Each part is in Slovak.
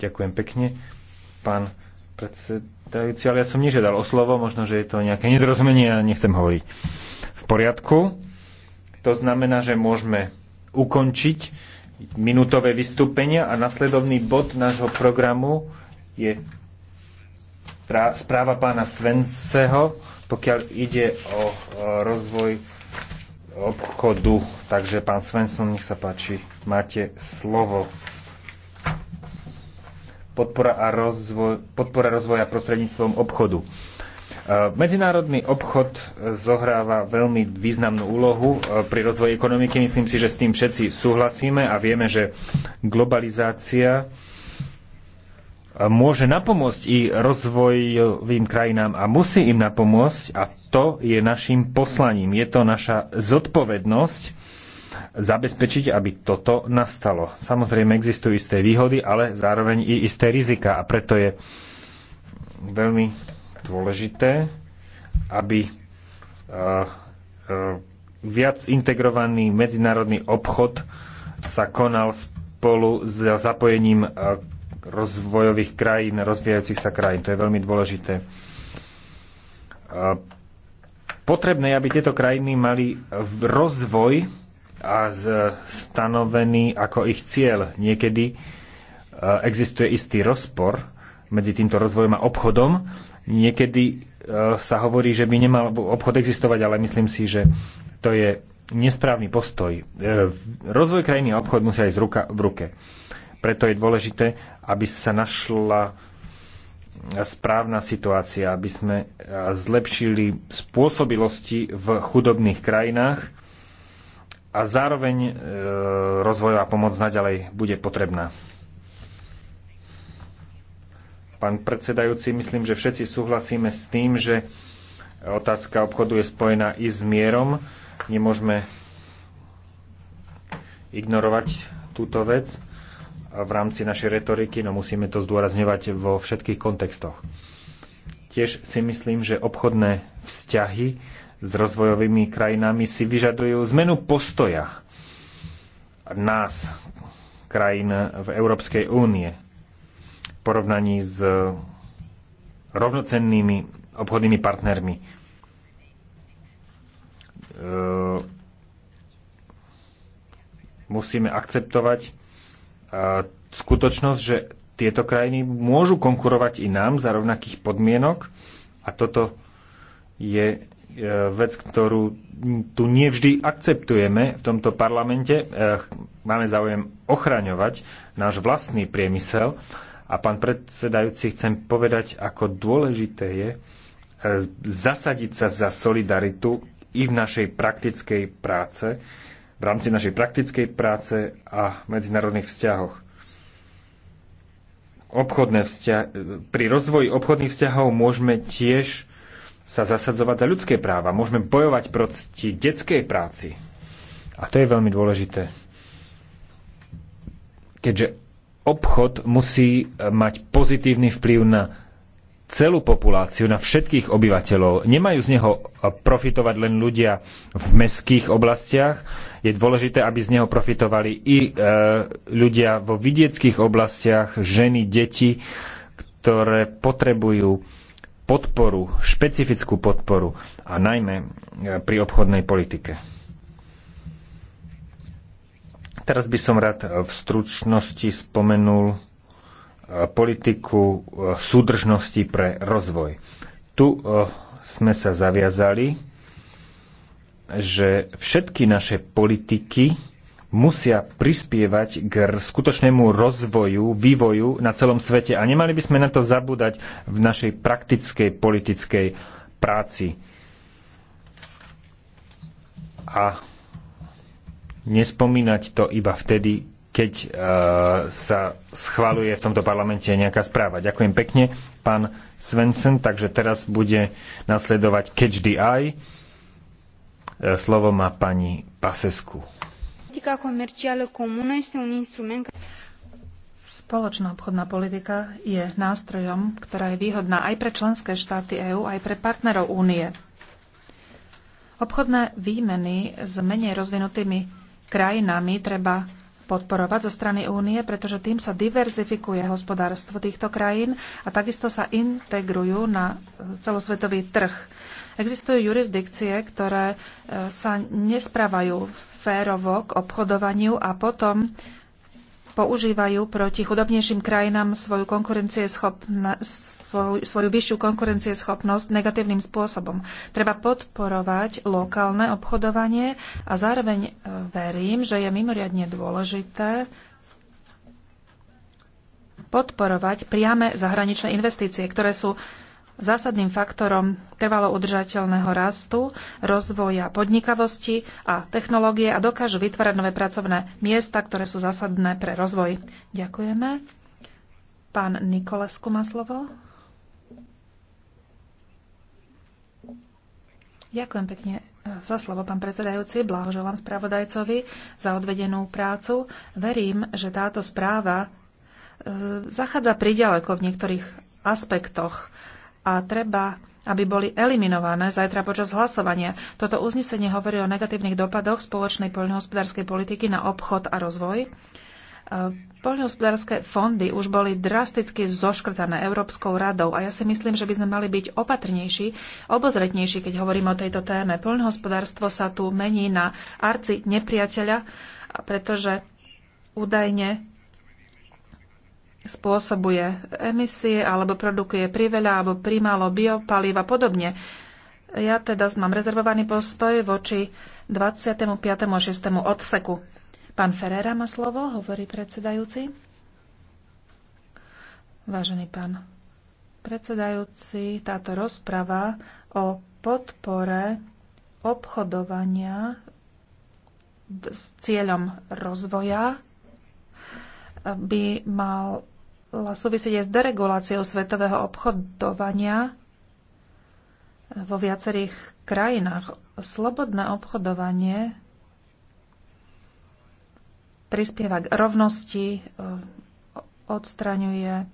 Ďakujem pekne. Pán predsedajúci, ale ja som nežiadal o slovo, možno, že je to nejaké nedorozumenie a nechcem hovoriť. V poriadku. To znamená, že môžeme ukončiť minútové vystúpenia a nasledovný bod nášho programu je správa pána Svenseho, pokiaľ ide o rozvoj obchodu. Takže pán Svensson, nech sa páči, máte slovo podpora, a rozvoj, podpora rozvoja prostredníctvom obchodu. E, medzinárodný obchod zohráva veľmi významnú úlohu e, pri rozvoji ekonomiky. Myslím si, že s tým všetci súhlasíme a vieme, že globalizácia e, môže napomôcť i rozvojovým krajinám a musí im napomôcť a to je našim poslaním. Je to naša zodpovednosť zabezpečiť, aby toto nastalo. Samozrejme existujú isté výhody, ale zároveň i isté rizika a preto je veľmi dôležité, aby e, e, viac integrovaný medzinárodný obchod sa konal spolu s zapojením e, rozvojových krajín, rozvíjajúcich sa krajín. To je veľmi dôležité. Potrebné, aby tieto krajiny mali rozvoj a stanovený ako ich cieľ. Niekedy e, existuje istý rozpor medzi týmto rozvojom a obchodom. Niekedy e, sa hovorí, že by nemal obchod existovať, ale myslím si, že to je nesprávny postoj. E, rozvoj krajiny a obchod musia ísť ruka v ruke. Preto je dôležité, aby sa našla správna situácia, aby sme zlepšili spôsobilosti v chudobných krajinách a zároveň e, rozvojová pomoc naďalej bude potrebná. Pán predsedajúci, myslím, že všetci súhlasíme s tým, že otázka obchodu je spojená i s mierom. Nemôžeme ignorovať túto vec v rámci našej retoriky, no musíme to zdôrazňovať vo všetkých kontextoch. Tiež si myslím, že obchodné vzťahy s rozvojovými krajinami si vyžadujú zmenu postoja nás, krajín v Európskej únie, v porovnaní s rovnocennými obchodnými partnermi. E, musíme akceptovať e, skutočnosť, že tieto krajiny môžu konkurovať i nám za rovnakých podmienok a toto je E, vec, ktorú tu nevždy akceptujeme v tomto parlamente. E, máme záujem ochraňovať náš vlastný priemysel. A pán predsedajúci, chcem povedať, ako dôležité je e, zasadiť sa za solidaritu i v našej praktickej práce, v rámci našej praktickej práce a medzinárodných vzťahoch. Obchodné vzťah- pri rozvoji obchodných vzťahov môžeme tiež sa zasadzovať za ľudské práva. Môžeme bojovať proti detskej práci. A to je veľmi dôležité. Keďže obchod musí e, mať pozitívny vplyv na celú populáciu, na všetkých obyvateľov. Nemajú z neho e, profitovať len ľudia v meských oblastiach. Je dôležité, aby z neho profitovali i e, ľudia vo vidieckých oblastiach, ženy, deti, ktoré potrebujú podporu, špecifickú podporu a najmä e, pri obchodnej politike. Teraz by som rád v stručnosti spomenul e, politiku e, súdržnosti pre rozvoj. Tu sme sa zaviazali, že všetky naše politiky musia prispievať k skutočnému rozvoju, vývoju na celom svete a nemali by sme na to zabúdať v našej praktickej politickej práci. A nespomínať to iba vtedy, keď uh, sa schvaluje v tomto parlamente nejaká správa. Ďakujem pekne, pán Svensen. Takže teraz bude nasledovať Catch the Eye. E, slovo má pani Pasesku politika komercială comună este un instrument Spoločná obchodná politika je nástrojom, ktorá je výhodná aj pre členské štáty EÚ, aj pre partnerov únie. Obchodné výmeny s menej rozvinutými krajinami treba podporovať zo strany únie, pretože tým sa diverzifikuje hospodárstvo týchto krajín a takisto sa integrujú na celosvetový trh. Existujú jurisdikcie, ktoré e, sa nesprávajú férovo k obchodovaniu a potom používajú proti chudobnejším krajinám svoju, svoju, svoju vyššiu konkurencieschopnosť negatívnym spôsobom. Treba podporovať lokálne obchodovanie a zároveň e, verím, že je mimoriadne dôležité podporovať priame zahraničné investície, ktoré sú zásadným faktorom trvalo udržateľného rastu, rozvoja podnikavosti a technológie a dokážu vytvárať nové pracovné miesta, ktoré sú zásadné pre rozvoj. Ďakujeme. Pán Nikolesku má slovo. Ďakujem pekne eh, za slovo, pán predsedajúci. Blahoželám spravodajcovi za odvedenú prácu. Verím, že táto správa eh, zachádza priďaleko v niektorých aspektoch a treba, aby boli eliminované zajtra počas hlasovania. Toto uznesenie hovorí o negatívnych dopadoch spoločnej poľnohospodárskej politiky na obchod a rozvoj. E, poľnohospodárske fondy už boli drasticky zoškrtané Európskou radou a ja si myslím, že by sme mali byť opatrnejší, obozretnejší, keď hovoríme o tejto téme. Poľnohospodárstvo sa tu mení na arci nepriateľa, pretože údajne spôsobuje emisie alebo produkuje priveľa alebo primálo biopalív a podobne. Ja teda mám rezervovaný postoj voči 25. a 6. odseku. Pán Ferrera má slovo, hovorí predsedajúci. Vážený pán predsedajúci, táto rozprava o podpore obchodovania s cieľom rozvoja by mal súvisieť aj s dereguláciou svetového obchodovania vo viacerých krajinách. Slobodné obchodovanie prispieva k rovnosti, eh, odstraňuje,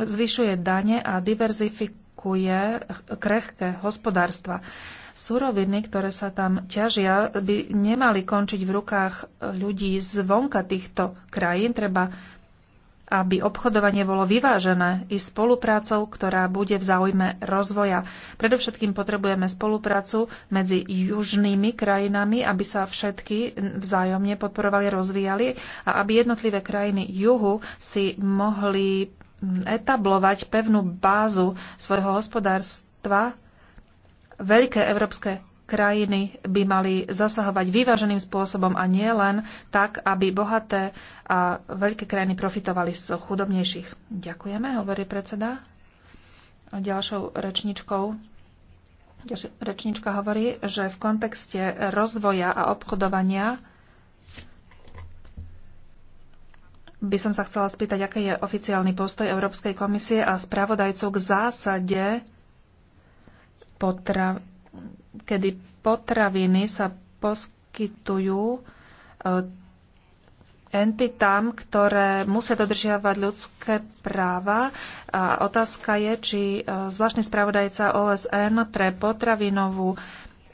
zvyšuje dane a diverzifikuje krehké hospodárstva. Suroviny, ktoré sa tam ťažia, by nemali končiť v rukách ľudí zvonka týchto krajín. Treba aby obchodovanie bolo vyvážené i spoluprácou, ktorá bude v záujme rozvoja. Predovšetkým potrebujeme spoluprácu medzi južnými krajinami, aby sa všetky vzájomne podporovali, rozvíjali a aby jednotlivé krajiny juhu si mohli etablovať pevnú bázu svojho hospodárstva. Veľké európske krajiny by mali zasahovať vyváženým spôsobom a nie len tak, aby bohaté a veľké krajiny profitovali z chudobnejších. Ďakujeme, hovorí predseda. A ďalšou rečničkou rečnička hovorí, že v kontexte rozvoja a obchodovania by som sa chcela spýtať, aký je oficiálny postoj Európskej komisie a spravodajcov k zásade potra- kedy potraviny sa poskytujú e, entitám, ktoré musia dodržiavať ľudské práva. A otázka je, či e, zvláštny spravodajca OSN pre potravinovú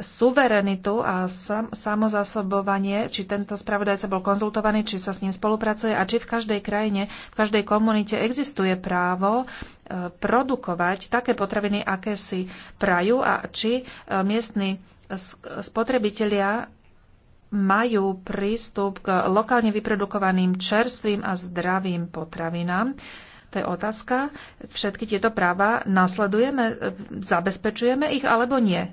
suverenitu a sam, samozásobovanie, či tento spravodajca bol konzultovaný, či sa s ním spolupracuje a či v každej krajine, v každej komunite existuje právo e, produkovať také potraviny, aké si prajú a či e, miestni spotrebitelia majú prístup k lokálne vyprodukovaným čerstvým a zdravým potravinám. To je otázka. Všetky tieto práva nasledujeme, e, zabezpečujeme ich alebo nie?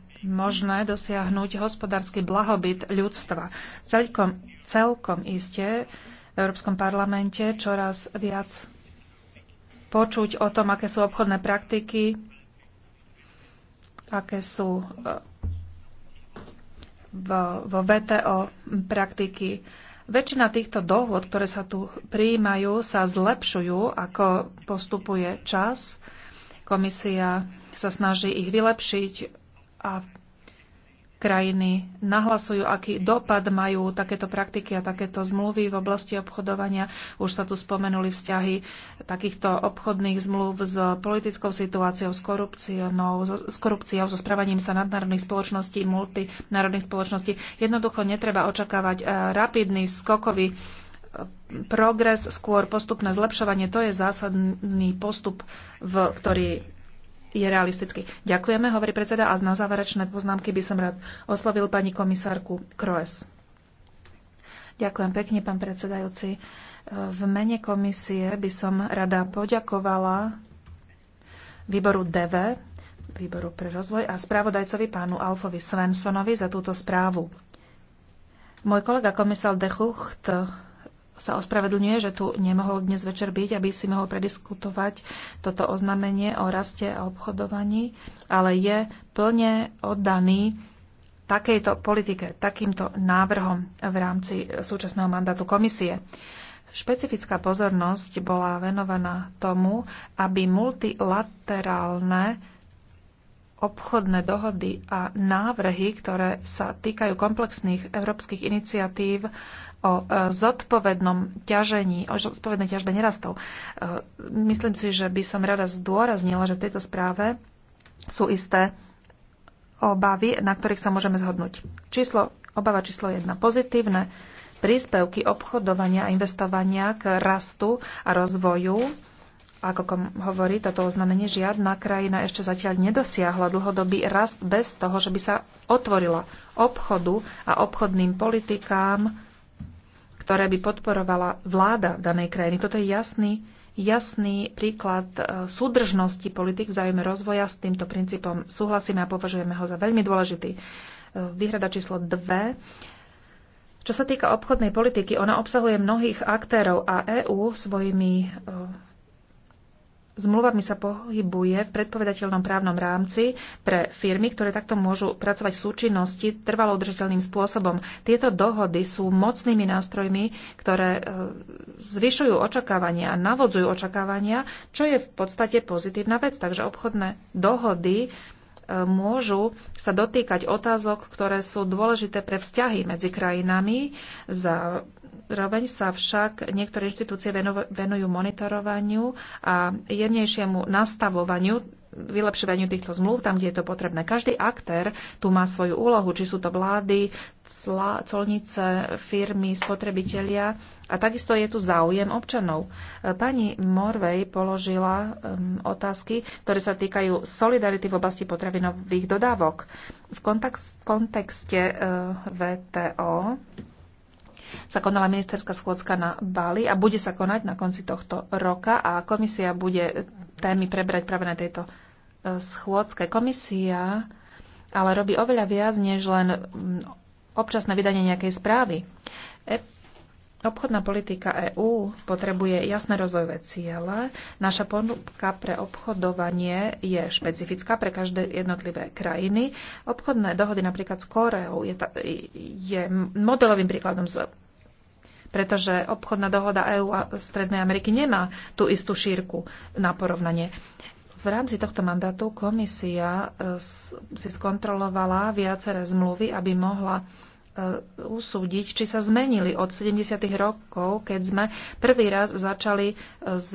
možné dosiahnuť hospodársky blahobyt ľudstva. Celkom, celkom iste v Európskom parlamente čoraz viac počuť o tom, aké sú obchodné praktiky, aké sú eh, vo VTO praktiky. Väčšina týchto dohôd, ktoré sa tu prijímajú, sa zlepšujú, ako postupuje čas. Komisia sa snaží ich vylepšiť, a krajiny nahlasujú, aký dopad majú takéto praktiky a takéto zmluvy v oblasti obchodovania. Už sa tu spomenuli vzťahy takýchto obchodných zmluv s politickou situáciou, s korupciou, s korupciou, so správaním sa nadnárodných spoločností, multinárodných spoločností. Jednoducho netreba očakávať e, rapidný, skokový e, progres, skôr postupné zlepšovanie. To je zásadný postup, v ktorý je realistický. Ďakujeme, hovorí predseda, a na záverečné poznámky by som rád oslovil pani komisárku Kroes. Ďakujem pekne, pán predsedajúci. V mene komisie by som rada poďakovala výboru DV, výboru pre rozvoj a správodajcovi pánu Alfovi Svensonovi za túto správu. Môj kolega komisár Dechucht sa ospravedlňuje, že tu nemohol dnes večer byť, aby si mohol prediskutovať toto oznámenie o raste a obchodovaní, ale je plne oddaný takejto politike, takýmto návrhom v rámci súčasného mandátu komisie. Špecifická pozornosť bola venovaná tomu, aby multilaterálne obchodné dohody a návrhy, ktoré sa týkajú komplexných európskych iniciatív, o e, zodpovednom ťažení, o zodpovednej ťažbe nerastov. E, myslím si, že by som rada zdôraznila, že v tejto správe sú isté obavy, na ktorých sa môžeme zhodnúť. Číslo, obava číslo 1. Pozitívne príspevky obchodovania a investovania k rastu a rozvoju. Ako hovorí toto oznámenie, žiadna krajina ešte zatiaľ nedosiahla dlhodobý rast bez toho, že by sa otvorila obchodu a obchodným politikám, ktoré by podporovala vláda danej krajiny. Toto je jasný, jasný príklad e, súdržnosti politik v záujme rozvoja. S týmto princípom súhlasíme a považujeme ho za veľmi dôležitý. E, Výhrada číslo 2. Čo sa týka obchodnej politiky, ona obsahuje mnohých aktérov a EÚ svojimi e, zmluvami sa pohybuje v predpovedateľnom právnom rámci pre firmy, ktoré takto môžu pracovať v súčinnosti trvalo udržateľným spôsobom. Tieto dohody sú mocnými nástrojmi, ktoré e, zvyšujú očakávania, a navodzujú očakávania, čo je v podstate pozitívna vec. Takže obchodné dohody e, môžu sa dotýkať otázok, ktoré sú dôležité pre vzťahy medzi krajinami za Zároveň sa však niektoré inštitúcie venujú monitorovaniu a jemnejšiemu nastavovaniu vylepšovaniu týchto zmluv tam, kde je to potrebné. Každý aktér tu má svoju úlohu, či sú to vlády, cla, colnice, firmy, spotrebitelia a takisto je tu záujem občanov. Pani Morvej položila um, otázky, ktoré sa týkajú solidarity v oblasti potravinových dodávok. V kontekste kontexte uh, VTO sa konala ministerská schôdzka na Bali a bude sa konať na konci tohto roka a komisia bude témy prebrať práve na tejto e, schôdzke. Komisia ale robí oveľa viac, než len občasné vydanie nejakej správy. E- Obchodná politika EÚ potrebuje jasné rozvojové ciele. Naša ponuka pre obchodovanie je špecifická pre každé jednotlivé krajiny. Obchodné dohody napríklad s Koreou je, ta, je modelovým príkladom z pretože obchodná dohoda EÚ a Strednej Ameriky nemá tú istú šírku na porovnanie. V rámci tohto mandátu komisia e, si skontrolovala viaceré zmluvy, aby mohla e, usúdiť, či sa zmenili od 70. rokov, keď sme prvý raz začali e, s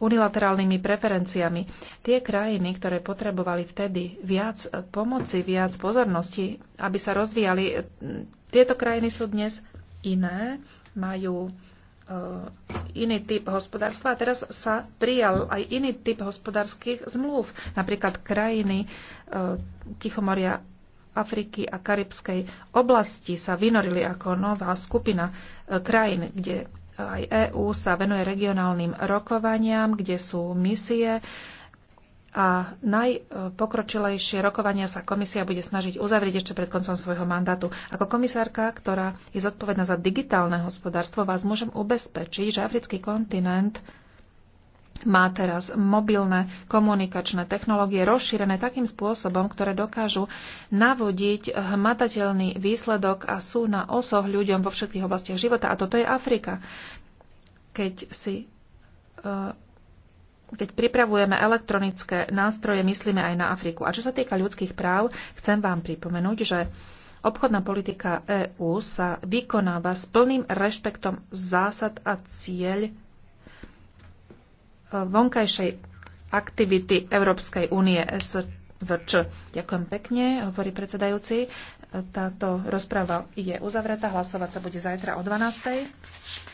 unilaterálnymi preferenciami. Tie krajiny, ktoré potrebovali vtedy viac pomoci, viac pozornosti, aby sa rozvíjali, tieto krajiny sú dnes iné, majú e, iný typ hospodárstva a teraz sa prijal aj iný typ hospodárskych zmluv. Napríklad krajiny e, Tichomoria, Afriky a Karibskej oblasti sa vynorili ako nová skupina e, krajín, kde aj EÚ sa venuje regionálnym rokovaniam, kde sú misie a najpokročilejšie rokovania sa komisia bude snažiť uzavrieť ešte pred koncom svojho mandátu. Ako komisárka, ktorá je zodpovedná za digitálne hospodárstvo, vás môžem ubezpečiť, že africký kontinent má teraz mobilné komunikačné technológie rozšírené takým spôsobom, ktoré dokážu navodiť hmatateľný výsledok a sú na osoh ľuďom vo všetkých oblastiach života. A toto je Afrika. Keď si uh, keď pripravujeme elektronické nástroje, myslíme aj na Afriku. A čo sa týka ľudských práv, chcem vám pripomenúť, že obchodná politika EÚ sa vykonáva s plným rešpektom zásad a cieľ e, vonkajšej aktivity Európskej únie SVČ. Ďakujem pekne, hovorí predsedajúci. E, táto rozpráva je uzavretá. Hlasovať sa bude zajtra o 12.